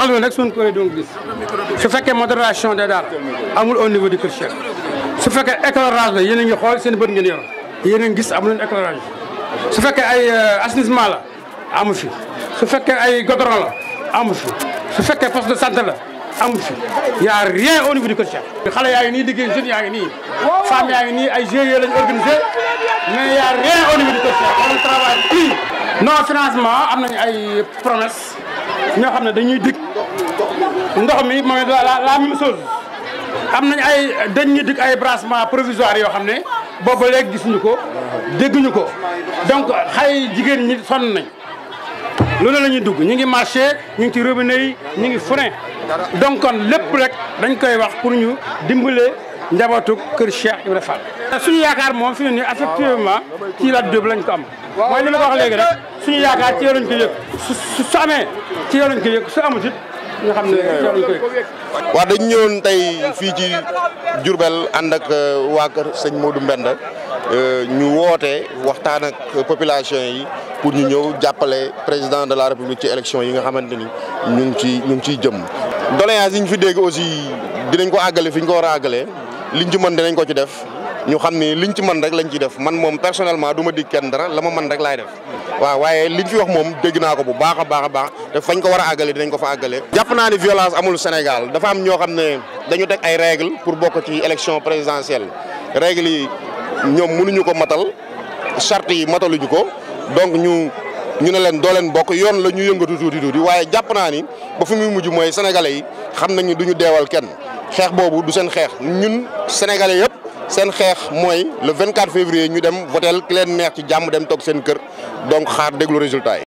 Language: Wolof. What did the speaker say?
wax loolu rek suñ fekkee modération de daal amul au niveau du kër fekkee éclairage la yéen a ngi xool seen bët ngeen yor yéen a ngi su fekkee ay euh, assainissement la amu fi su fekkee ay goudron la amu fi su fekkee poste de santé la amu fi y a rien au niveau du kër chef xale yaa ngi nii liggéey jeunes yaa ngi nii femmes ay GIE lañu organisé mais y a rien au niveau du kër chef on travaille non financement am ay promesse ñoo xam ne dañuy dig ndox mi mooy la la même chose am nañ ay dañ ñu ay branchement provisoire yoo xam ne booba léegi gisuñu ko dégguñu ko donc xay jigéen ñi sonn nañ loolu la ñuy dugg ñu ngi marché ñu ngi ci robinet yi ñu ngi fune donc kon lépp rek dañ koy wax pour ñu dimbale njabootu kër Cheikh Ibrahima Fall. suñu yaakaar moom fi mu ne effectivement ci Lat Diop lañ ko am mooy li ma ko wax léegi suñu yaakaar ci yow lañ yëg su amee ci yow lañ ko yëg su amut it xam ne ci dañ ñëwoon tey fii ci Diourbel ànd ak uh, waa kër sëñ Modou Mbenda uh, ñu woote waxtaan ak population yi pour ñu ñëw jàppale président de la république ci élection yi nga xamante ni ñu ci ñu ngi ciy jëm. doléances yi ñu fi dégg aussi dinañ ko àggale fi ñu ko war liñ ci mën dinañ ko ci def ñu xam ni liñ ci mën rek lañ ciy def man moom personnellement du ma dig kenn dara la ma mën rek laay def waaw waaye liñ fi wax moom dégg naa ko bu baax a baax a baax te fañ ko war a àggale dinañ ko fa àggale jàpp naa ni violence amul Sénégal dafa am ñoo xam ne dañu teg ay règle pour bokk ci élection présidentielle règle yi ñoom mënuñu ko matal charte yi mataluñu ko donc ñu ñu ne leen doo leen bokk yoon la ñu yëngatu tuuti tuuti waaye jàpp naa ni ba fi muy mujj mooy sénégalais yi xam nañu duñu deewal kenn xeex boobu du seen xeex ñun sénégalais yëpp seen xeex mooy le vingt 24 février ñu dem votel ki leen neex ci jàmm dem toog seen kër donc xaar déglu résultat yi.